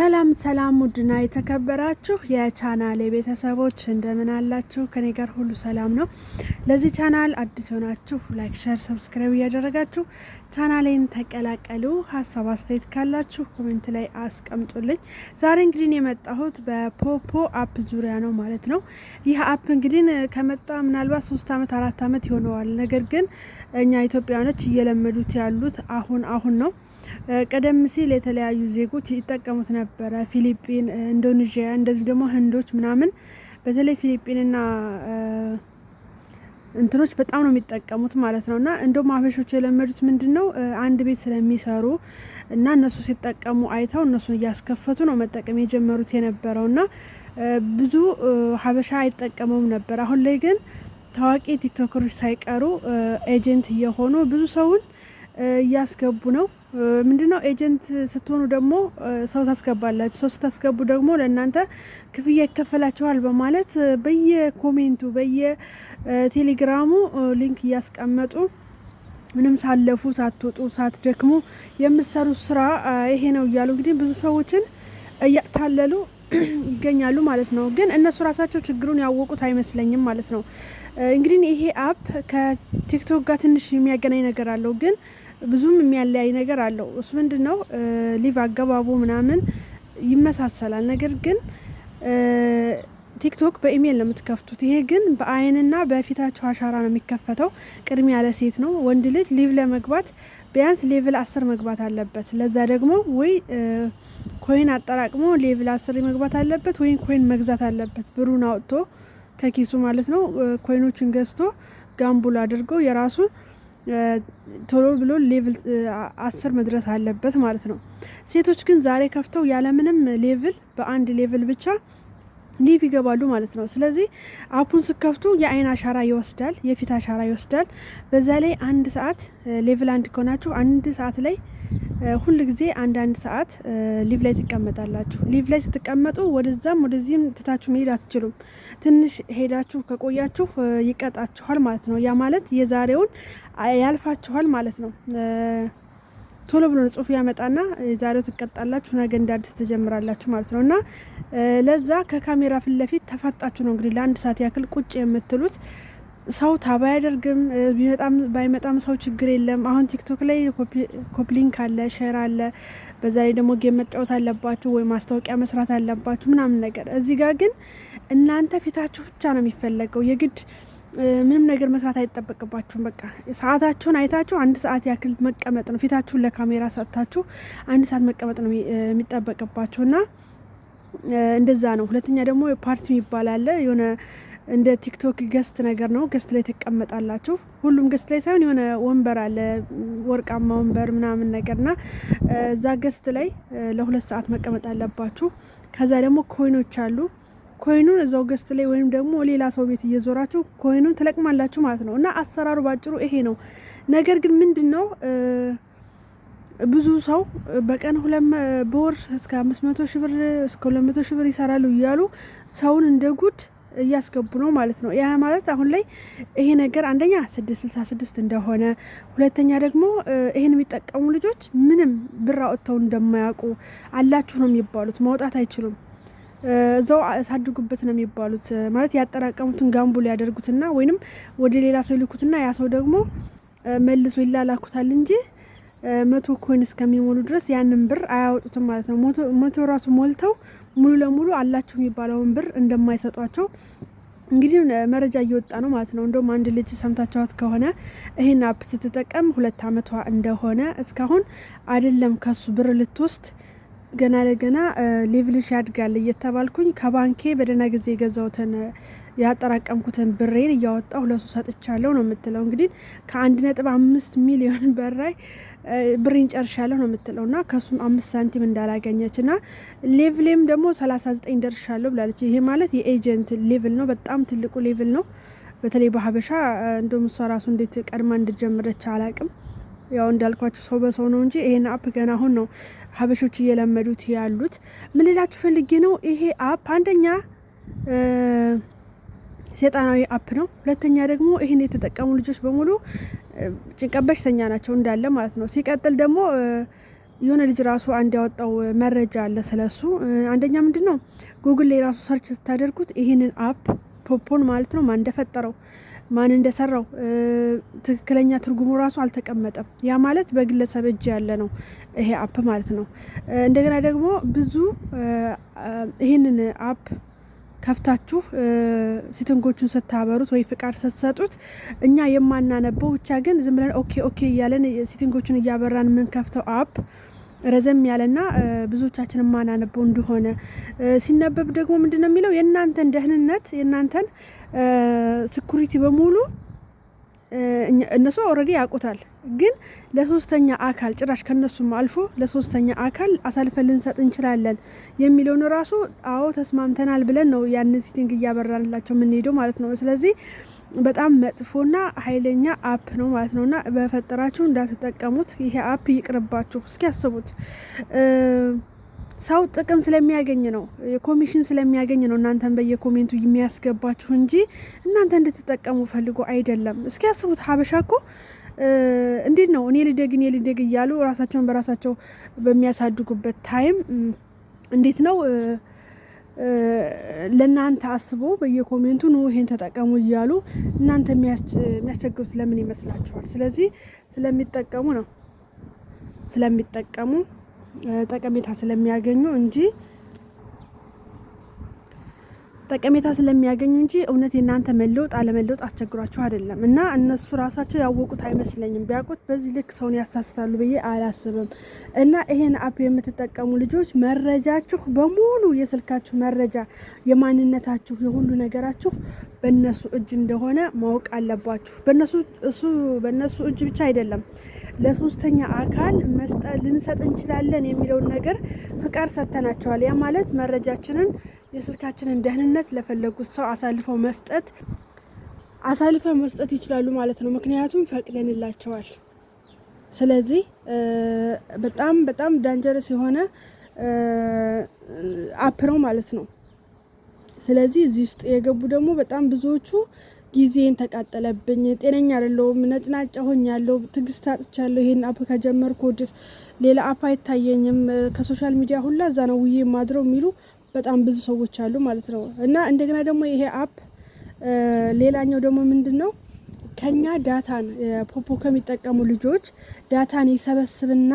ሰላም ሰላም፣ ውድና የተከበራችሁ የቻናሌ ቤተሰቦች እንደምን አላችሁ? ከኔ ጋር ሁሉ ሰላም ነው። ለዚህ ቻናል አዲስ የሆናችሁ ላይክ፣ ሸር፣ ሰብስክራይብ እያደረጋችሁ ቻናሌን ተቀላቀሉ። ሀሳብ አስተያየት ካላችሁ ኮሜንት ላይ አስቀምጡልኝ። ዛሬ እንግዲህ የመጣሁት በፖፖ አፕ ዙሪያ ነው ማለት ነው። ይህ አፕ እንግዲህ ከመጣ ምናልባት ሶስት አመት አራት አመት ይሆነዋል። ነገር ግን እኛ ኢትዮጵያውያኖች እየለመዱት ያሉት አሁን አሁን ነው። ቀደም ሲል የተለያዩ ዜጎች ይጠቀሙት ነበረ። ፊሊፒን፣ ኢንዶኔዥያ እንደዚሁ ደግሞ ህንዶች ምናምን በተለይ ፊሊፒንና እንትኖች በጣም ነው የሚጠቀሙት ማለት ነው። እና እንደውም አበሾች የለመዱት ምንድን ነው አንድ ቤት ስለሚሰሩ እና እነሱ ሲጠቀሙ አይተው እነሱን እያስከፈቱ ነው መጠቀም የጀመሩት የነበረው እና ብዙ ሀበሻ አይጠቀመውም ነበር። አሁን ላይ ግን ታዋቂ ቲክቶከሮች ሳይቀሩ ኤጀንት እየሆኑ ብዙ ሰውን እያስገቡ ነው። ምንድነው ኤጀንት ስትሆኑ ደግሞ ሰው ታስገባላችሁ። ሰው ስታስገቡ ደግሞ ለእናንተ ክፍያ ይከፈላችኋል በማለት በየኮሜንቱ በየቴሌግራሙ ሊንክ እያስቀመጡ ምንም ሳለፉ ሳትወጡ ሳትደክሙ የምትሰሩት ስራ ይሄ ነው እያሉ እንግዲህ ብዙ ሰዎችን እያታለሉ ይገኛሉ ማለት ነው። ግን እነሱ ራሳቸው ችግሩን ያወቁት አይመስለኝም ማለት ነው። እንግዲህ ይሄ አፕ ከቲክቶክ ጋር ትንሽ የሚያገናኝ ነገር አለው ግን ብዙም የሚያለያይ ነገር አለው። እሱ ምንድን ነው ሊቭ አገባቡ ምናምን ይመሳሰላል። ነገር ግን ቲክቶክ በኢሜይል ነው የምትከፍቱት። ይሄ ግን በአይንና በፊታቸው አሻራ ነው የሚከፈተው። ቅድሚያ ለሴት ነው። ወንድ ልጅ ሊቭ ለመግባት ቢያንስ ሌቭል አስር መግባት አለበት። ለዛ ደግሞ ወይ ኮይን አጠራቅሞ ሌቭል አስር መግባት አለበት፣ ወይም ኮይን መግዛት አለበት። ብሩን አውጥቶ ከኪሱ ማለት ነው። ኮይኖቹን ገዝቶ ጋምቡል አድርገው የራሱን ቶሎ ብሎ ሌቭል አስር መድረስ አለበት ማለት ነው። ሴቶች ግን ዛሬ ከፍተው ያለምንም ሌቭል በአንድ ሌቭል ብቻ ሊቭ ይገባሉ ማለት ነው። ስለዚህ አፑን ስከፍቱ የአይን አሻራ ይወስዳል፣ የፊት አሻራ ይወስዳል። በዛ ላይ አንድ ሰዓት ሌቭል አንድ ከሆናችሁ አንድ ሰዓት ላይ ሁል ጊዜ አንዳንድ ሰዓት ሊቭ ላይ ትቀመጣላችሁ። ሊቭ ላይ ስትቀመጡ ወደዛም ወደዚህም ትታችሁ መሄድ አትችሉም። ትንሽ ሄዳችሁ ከቆያችሁ ይቀጣችኋል ማለት ነው። ያ ማለት የዛሬውን ያልፋችኋል ማለት ነው። ቶሎ ብሎ ጽሁፍ ያመጣና የዛሬው ትቀጣላችሁ፣ ነገ እንደ አዲስ ትጀምራላችሁ ማለት ነው። እና ለዛ ከካሜራ ፊት ለፊት ተፋጣችሁ ነው እንግዲህ ለአንድ ሰዓት ያክል ቁጭ የምትሉት ሰው ታባ አያደርግም። ቢመጣም ባይመጣም ሰው ችግር የለም። አሁን ቲክቶክ ላይ ኮፕሊንክ አለ፣ ሼር አለ። በዛ ላይ ደግሞ ጌም መጫወት አለባችሁ ወይ ማስታወቂያ መስራት አለባችሁ ምናምን ነገር። እዚህ ጋር ግን እናንተ ፊታችሁ ብቻ ነው የሚፈለገው። የግድ ምንም ነገር መስራት አይጠበቅባችሁም። በቃ ሰዓታችሁን አይታችሁ አንድ ሰዓት ያክል መቀመጥ ነው። ፊታችሁን ለካሜራ ሰጥታችሁ አንድ ሰዓት መቀመጥ ነው የሚጠበቅባችሁ እና እንደዛ ነው። ሁለተኛ ደግሞ ፓርቲ የሚባል የሆነ እንደ ቲክቶክ ገስት ነገር ነው። ገስት ላይ ትቀመጣላችሁ። ሁሉም ገስት ላይ ሳይሆን የሆነ ወንበር አለ፣ ወርቃማ ወንበር ምናምን ነገር እና እዛ ገስት ላይ ለሁለት ሰዓት መቀመጥ አለባችሁ። ከዛ ደግሞ ኮይኖች አሉ። ኮይኑን እዛው ገስት ላይ ወይም ደግሞ ሌላ ሰው ቤት እየዞራችሁ ኮይኑን ትለቅማላችሁ ማለት ነው። እና አሰራሩ ባጭሩ ይሄ ነው። ነገር ግን ምንድን ነው ብዙ ሰው በቀን በወር እስከ አምስት መቶ ሺህ ብር እስከ ሁለት መቶ ሺህ ብር ይሰራሉ እያሉ ሰውን እንደ ጉድ እያስገቡ ነው ማለት ነው። ያ ማለት አሁን ላይ ይሄ ነገር አንደኛ ስድስት ስልሳ ስድስት እንደሆነ፣ ሁለተኛ ደግሞ ይሄን የሚጠቀሙ ልጆች ምንም ብር አውጥተው እንደማያውቁ አላችሁ ነው የሚባሉት። ማውጣት አይችሉም እዛው አሳድጉበት ነው የሚባሉት። ማለት ያጠራቀሙትን ጋምቡ ሊያደርጉትና ወይንም ወደ ሌላ ሰው ይልኩትና ያ ሰው ደግሞ መልሶ ይላላኩታል እንጂ መቶ ኮይን እስከሚሞሉ ድረስ ያንን ብር አያወጡትም ማለት ነው። መቶ ራሱ ሞልተው ሙሉ ለሙሉ አላቸው የሚባለውን ብር እንደማይሰጧቸው እንግዲህ መረጃ እየወጣ ነው ማለት ነው። እንደውም አንድ ልጅ ሰምታችኋት ከሆነ ይህን አፕ ስትጠቀም ሁለት አመቷ እንደሆነ እስካሁን አይደለም ከሱ ብር ልትወስድ ገና ለገና ሌቭልሽ ያድጋል እየተባልኩኝ ከባንኬ በደህና ጊዜ የገዛውትን ያጠራቀምኩትን ብሬን እያወጣሁ ለሱ ሰጥቻለሁ ነው የምትለው። እንግዲህ ከአንድ ነጥብ አምስት ሚሊዮን በላይ ብሬን ጨርሻለሁ ነው የምትለው እና ከሱም አምስት ሳንቲም እንዳላገኘች ና ሌቭሌም ደግሞ ሰላሳ ዘጠኝ ደርሻለሁ ብላለች። ይሄ ማለት የኤጀንት ሌቭል ነው፣ በጣም ትልቁ ሌቭል ነው። በተለይ በሀበሻ እንደውም እሷ ራሱ እንዴት ቀድማ እንድጀምረች አላቅም። ያው እንዳልኳቸው ሰው በሰው ነው እንጂ ይሄን አፕ ገና አሁን ነው ሀበሾች እየለመዱት ያሉት። ምን ልላችሁ ፈልጌ ነው ይሄ አፕ አንደኛ ሰይጣናዊ አፕ ነው። ሁለተኛ ደግሞ ይህን የተጠቀሙ ልጆች በሙሉ ጭንቀት በሽተኛ ናቸው እንዳለ ማለት ነው። ሲቀጥል ደግሞ የሆነ ልጅ ራሱ አንድ ያወጣው መረጃ አለ ስለሱ። አንደኛ ምንድን ነው ጉግል ላይ ራሱ ሰርች ስታደርጉት ይህንን አፕ ፖፖን ማለት ነው ማን እንደፈጠረው ማን እንደሰራው ትክክለኛ ትርጉሙ ራሱ አልተቀመጠም። ያ ማለት በግለሰብ እጅ ያለ ነው ይሄ አፕ ማለት ነው። እንደገና ደግሞ ብዙ ይህንን አፕ ከፍታችሁ ሲትንጎቹን ስታበሩት ወይ ፍቃድ ስትሰጡት እኛ የማናነበው ብቻ ግን ዝም ብለን ኦኬ ኦኬ እያለን ሲትንጎቹን እያበራን የምንከፍተው አፕ ረዘም ያለና ብዙዎቻችን የማናነበው እንደሆነ ሲነበብ ደግሞ ምንድን ነው የሚለው የእናንተን ደህንነት የእናንተን ስኩሪቲ በሙሉ እነሱ ኦልሬዲ ያውቁታል፣ ግን ለሶስተኛ አካል ጭራሽ ከነሱም አልፎ ለሶስተኛ አካል አሳልፈን ልንሰጥ እንችላለን የሚለውን ራሱ አዎ ተስማምተናል ብለን ነው ያንን ሲቲንግ እያበራንላቸው የምንሄደው ማለት ነው። ስለዚህ በጣም መጥፎና ኃይለኛ አፕ ነው ማለት እና በፈጠራችሁ እንዳትጠቀሙት። ይሄ አፕ ይቅርባችሁ። እስኪ ያስቡት። ሰው ጥቅም ስለሚያገኝ ነው፣ የኮሚሽን ስለሚያገኝ ነው እናንተን በየኮሜንቱ የሚያስገባችሁ እንጂ እናንተ እንድትጠቀሙ ፈልጎ አይደለም። እስኪ ያስቡት። ሀበሻ እኮ እንዴት ነው እኔ ልደግ እኔ ልደግ እያሉ ራሳቸውን በራሳቸው በሚያሳድጉበት ታይም እንዴት ነው ለእናንተ አስቦ በየኮሜንቱ ኑ ይሄን ተጠቀሙ እያሉ እናንተ የሚያስቸግሩት ለምን ይመስላችኋል? ስለዚህ ስለሚጠቀሙ ነው ስለሚጠቀሙ ጠቀሜታ ስለሚያገኙ እንጂ ጠቀሜታ ስለሚያገኙ እንጂ እውነት የእናንተ መለወጥ አለመለወጥ አስቸግሯቸው አይደለም። እና እነሱ ራሳቸው ያወቁት አይመስለኝም። ቢያውቁት በዚህ ልክ ሰውን ያሳስታሉ ብዬ አላስብም። እና ይሄን አፕ የምትጠቀሙ ልጆች መረጃችሁ በሙሉ የስልካችሁ መረጃ፣ የማንነታችሁ፣ የሁሉ ነገራችሁ በእነሱ እጅ እንደሆነ ማወቅ አለባችሁ። በእነሱ እሱ በእነሱ እጅ ብቻ አይደለም ለሶስተኛ አካል መስጠት ልንሰጥ እንችላለን የሚለውን ነገር ፍቃድ ሰጥተናቸዋል። ያ ማለት መረጃችንን የስልካችንን ደህንነት ለፈለጉት ሰው አሳልፈው መስጠት አሳልፈው መስጠት ይችላሉ ማለት ነው። ምክንያቱም ፈቅደንላቸዋል። ስለዚህ በጣም በጣም ዳንጀረስ የሆነ አፕረው ማለት ነው። ስለዚህ እዚህ ውስጥ የገቡ ደግሞ በጣም ብዙዎቹ ጊዜን ተቃጠለብኝ፣ ጤነኛ አይደለሁም፣ ነጭናጫ ሆኛለሁ፣ ትዕግስት አጥቻለሁ፣ ይሄን አፕ ከጀመርኩ ወዲህ ሌላ አፕ አይታየኝም፣ ከሶሻል ሚዲያ ሁላ እዛ ነው ውዬ ማድረው የሚሉ በጣም ብዙ ሰዎች አሉ ማለት ነው። እና እንደገና ደግሞ ይሄ አፕ ሌላኛው ደግሞ ምንድን ነው ከኛ ዳታን ፖፖ ከሚጠቀሙ ልጆች ዳታን ይሰበስብና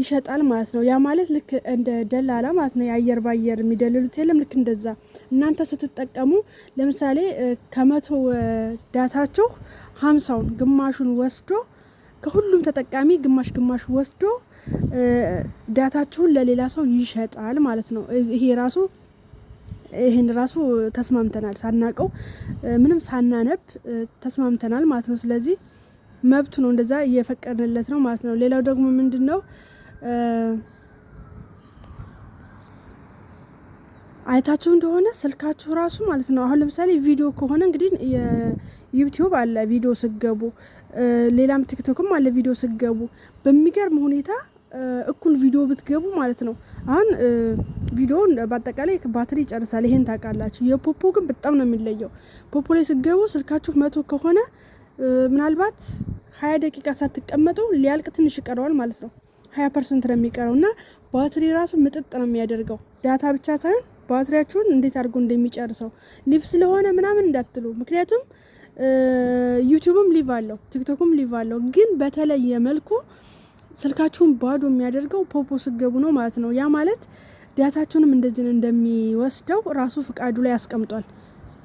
ይሸጣል ማለት ነው። ያ ማለት ልክ እንደ ደላላ ማለት ነው። የአየር ባየር የሚደልሉት የለም። ልክ እንደዛ እናንተ ስትጠቀሙ ለምሳሌ ከመቶ ዳታችሁ ሀምሳውን ግማሹን ወስዶ ከሁሉም ተጠቃሚ ግማሽ ግማሽ ወስዶ ዳታችሁን ለሌላ ሰው ይሸጣል ማለት ነው። ይሄ ራሱ ይህን ራሱ ተስማምተናል፣ ሳናቀው ምንም ሳናነብ ተስማምተናል ማለት ነው። ስለዚህ መብቱ ነው፣ እንደዛ እየፈቀድንለት ነው ማለት ነው። ሌላው ደግሞ ምንድን ነው አይታችሁ እንደሆነ ስልካችሁ ራሱ ማለት ነው። አሁን ለምሳሌ ቪዲዮ ከሆነ እንግዲህ ዩቲዩብ አለ ቪዲዮ ስገቡ፣ ሌላም ቲክቶክም አለ ቪዲዮ ስገቡ በሚገርም ሁኔታ እኩል ቪዲዮ ብትገቡ ማለት ነው። አሁን ቪዲዮ በአጠቃላይ ባትሪ ይጨርሳል። ይሄን ታውቃላችሁ። የፖፖ ግን በጣም ነው የሚለየው። ፖፖ ላይ ስትገቡ ስልካችሁ መቶ ከሆነ ምናልባት ሀያ ደቂቃ ሳትቀመጡ ሊያልቅ ትንሽ ይቀረዋል ማለት ነው። ሀያ ፐርሰንት ነው የሚቀረው እና ባትሪ ራሱ ምጥጥ ነው የሚያደርገው። ዳታ ብቻ ሳይሆን ባትሪያችሁን እንዴት አድርጎ እንደሚጨርሰው ሊቭ ስለሆነ ምናምን እንዳትሉ። ምክንያቱም ዩቲዩብም ሊቭ አለው፣ ቲክቶክም ሊቭ አለው። ግን በተለየ መልኩ ስልካችሁን ባዶ የሚያደርገው ፖፖ ስገቡ ነው ማለት ነው። ያ ማለት ዳታችሁንም እንደዚህ እንደሚወስደው ራሱ ፍቃዱ ላይ ያስቀምጧል።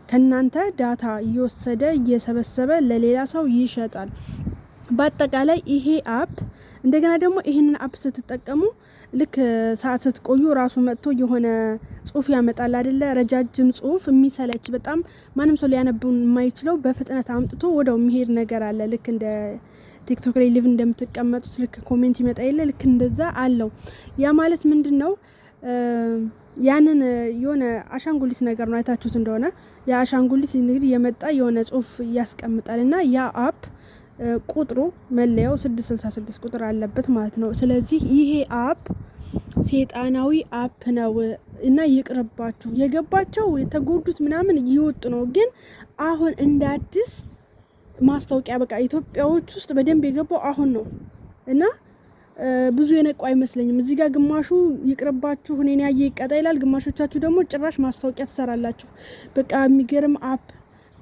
ከእናንተ ዳታ እየወሰደ እየሰበሰበ ለሌላ ሰው ይሸጣል። በአጠቃላይ ይሄ አፕ እንደገና ደግሞ ይህንን አፕ ስትጠቀሙ ልክ ሰዓት ስትቆዩ ራሱ መጥቶ የሆነ ጽሁፍ ያመጣል አይደለ? ረጃጅም ጽሁፍ የሚሰለች በጣም ማንም ሰው ሊያነብን የማይችለው በፍጥነት አምጥቶ ወደው የሚሄድ ነገር አለ ልክ እንደ ቲክቶክ ላይ ሊቭ እንደምትቀመጡት ልክ ኮሜንት ይመጣ የለ ልክ እንደዛ አለው። ያ ማለት ምንድን ነው? ያንን የሆነ አሻንጉሊት ነገር ነው። አይታችሁት እንደሆነ ያ አሻንጉሊት እንግዲህ የመጣ የሆነ ጽሁፍ ያስቀምጣል እና ያ አፕ ቁጥሩ መለያው 666 ቁጥር አለበት ማለት ነው። ስለዚህ ይሄ አፕ ሴጣናዊ አፕ ነው እና ይቅርባችሁ። የገባቸው የተጎዱት ምናምን እየወጡ ነው። ግን አሁን እንደ አዲስ ማስታወቂያ በቃ ኢትዮጵያዎች ውስጥ በደንብ የገባው አሁን ነው እና ብዙ የነቁ አይመስለኝም። እዚህ ጋር ግማሹ ይቅርባችሁ እኔን ያየ ይቀጣ ይላል። ግማሾቻችሁ ደግሞ ጭራሽ ማስታወቂያ ትሰራላችሁ። በቃ የሚገርም አፕ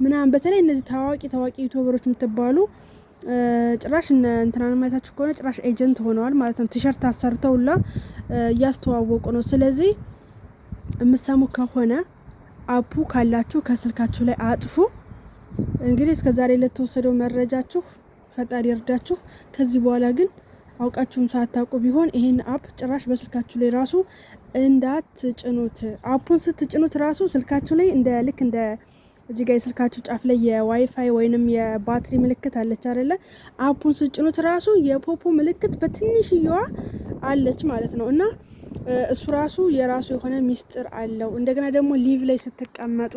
ምናምን በተለይ እነዚህ ታዋቂ ታዋቂ ዩቱበሮች የምትባሉ ጭራሽ እንትናን ማየታችሁ ከሆነ ጭራሽ ኤጀንት ሆነዋል ማለት ነው። ቲሸርት አሰርተውላ እያስተዋወቁ ነው። ስለዚህ የምሰሙ ከሆነ አፑ ካላችሁ ከስልካችሁ ላይ አጥፉ። እንግዲህ እስከ ዛሬ ለተወሰደው መረጃችሁ ፈጣሪ እርዳችሁ። ከዚህ በኋላ ግን አውቃችሁም ሳታውቁ ቢሆን ይህን አፕ ጭራሽ በስልካችሁ ላይ ራሱ እንዳትጭኑት። አፑን ስትጭኑት ራሱ ስልካችሁ ላይ እንደ ልክ እንደ እዚህ ጋር የስልካችሁ ጫፍ ላይ የዋይፋይ ወይንም የባትሪ ምልክት አለች አይደለ? አፑን ስጭኑት ራሱ የፖፖ ምልክት በትንሽየዋ አለች ማለት ነው። እና እሱ ራሱ የራሱ የሆነ ሚስጥር አለው። እንደገና ደግሞ ሊቭ ላይ ስትቀመጡ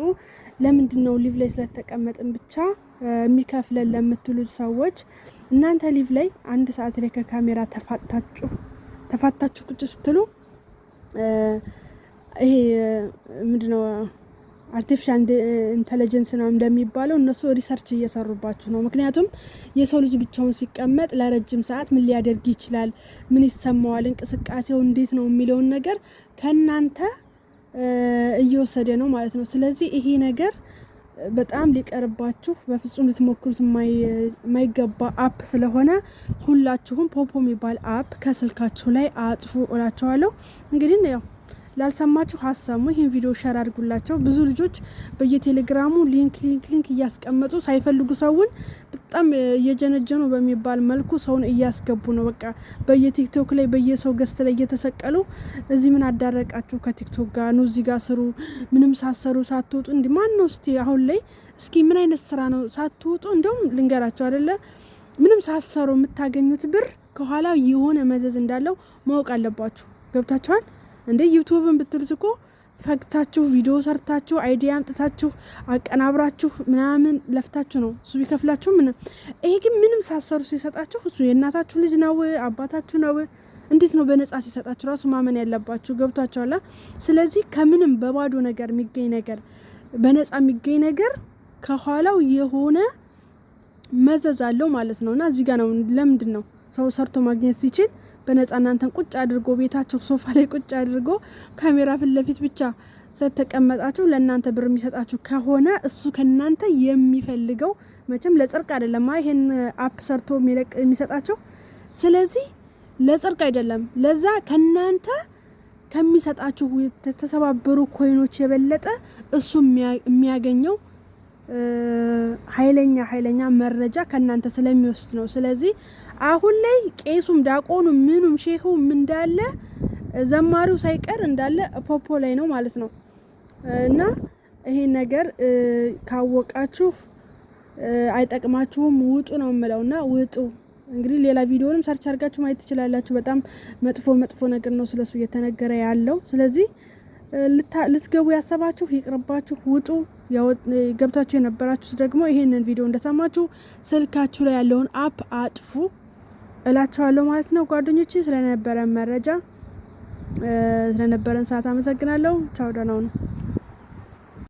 ለምንድን ነው ሊቭ ላይ ስለተቀመጥን ብቻ የሚከፍለን ለምትሉ ሰዎች እናንተ ሊቭ ላይ አንድ ሰዓት ላይ ከካሜራ ተፋታችሁ ተፋታችሁ ቁጭ ስትሉ ይሄ ምንድነው አርቲፊሻል ኢንተለጀንስ ነው እንደሚባለው እነሱ ሪሰርች እየሰሩባችሁ ነው። ምክንያቱም የሰው ልጅ ብቻውን ሲቀመጥ ለረጅም ሰዓት ምን ሊያደርግ ይችላል፣ ምን ይሰማዋል፣ እንቅስቃሴው እንዴት ነው የሚለውን ነገር ከእናንተ እየወሰደ ነው ማለት ነው። ስለዚህ ይሄ ነገር በጣም ሊቀርባችሁ በፍጹም ልትሞክሩት የማይገባ አፕ ስለሆነ ሁላችሁም ፖፖ የሚባል አፕ ከስልካችሁ ላይ አጥፉ እላቸዋለሁ እንግዲህ ያው ላልሰማችሁ ሀሰሙ ይህን ቪዲዮ ሸር አድርጉላቸው። ብዙ ልጆች በየቴሌግራሙ ሊንክ ሊንክ ሊንክ እያስቀመጡ ሳይፈልጉ ሰውን በጣም እየጀነጀኑ በሚባል መልኩ ሰውን እያስገቡ ነው። በቃ በየቲክቶክ ላይ በየሰው ገስት ላይ እየተሰቀሉ እዚህ ምን አዳረቃችሁ ከቲክቶክ ጋር ኑ እዚህ ጋር ስሩ፣ ምንም ሳሰሩ ሳትወጡ እንዲ ማን ነው እስቲ አሁን ላይ እስኪ ምን አይነት ስራ ነው ሳትወጡ? እንዲሁም ልንገራቸው አደለ ምንም ሳሰሩ የምታገኙት ብር ከኋላ የሆነ መዘዝ እንዳለው ማወቅ አለባችሁ። ገብታችኋል? እንደ ዩቱብን ብትሉት እኮ ፈግታችሁ ቪዲዮ ሰርታችሁ አይዲያ አምጥታችሁ አቀናብራችሁ ምናምን ለፍታችሁ ነው እሱ ቢከፍላችሁ ምንም። ይሄ ግን ምንም ሳሰሩ ሲሰጣችሁ እሱ የእናታችሁ ልጅ ነው አባታችሁ ነው። እንዴት ነው በነጻ ሲሰጣችሁ ራሱ ማመን ያለባችሁ ገብቷችኋላ? ስለዚህ ከምንም በባዶ ነገር የሚገኝ ነገር በነጻ የሚገኝ ነገር ከኋላው የሆነ መዘዝ አለው ማለት ነው። እና እዚህ ጋ ነው ለምንድን ነው ሰው ሰርቶ ማግኘት ሲችል በነጻ እናንተን ቁጭ አድርጎ ቤታቸው ሶፋ ላይ ቁጭ አድርጎ ካሜራ ፊት ለፊት ብቻ ስተቀመጣችሁ ለእናንተ ብር የሚሰጣችሁ ከሆነ እሱ ከእናንተ የሚፈልገው መቼም ለጽርቅ አይደለም። ይሄን አፕ ሰርቶ የሚሰጣቸው ስለዚህ ለጽርቅ አይደለም። ለዛ ከእናንተ ከሚሰጣችሁ የተሰባበሩ ኮይኖች የበለጠ እሱ የሚያገኘው ኃይለኛ ኃይለኛ መረጃ ከእናንተ ስለሚወስድ ነው። ስለዚህ አሁን ላይ ቄሱም ዳቆኑ ምኑም ሼሁም እንዳለ ዘማሪው ሳይቀር እንዳለ ፖፖ ላይ ነው ማለት ነው። እና ይሄ ነገር ካወቃችሁ አይጠቅማችሁም፣ ውጡ ነው የምለው። እና ውጡ እንግዲህ ሌላ ቪዲዮንም ሰርች አድርጋችሁ ማየት ትችላላችሁ። በጣም መጥፎ መጥፎ ነገር ነው ስለሱ እየተነገረ ያለው። ስለዚህ ልትገቡ ያሰባችሁ ይቅርባችሁ፣ ውጡ። ገብታችሁ የነበራችሁ ደግሞ ይሄንን ቪዲዮ እንደሰማችሁ ስልካችሁ ላይ ያለውን አፕ አጥፉ እላቸዋለሁ ማለት ነው። ጓደኞች ስለነበረን መረጃ ስለነበረን ሰዓት አመሰግናለሁ። ቻው፣ ደህና ሁኑ።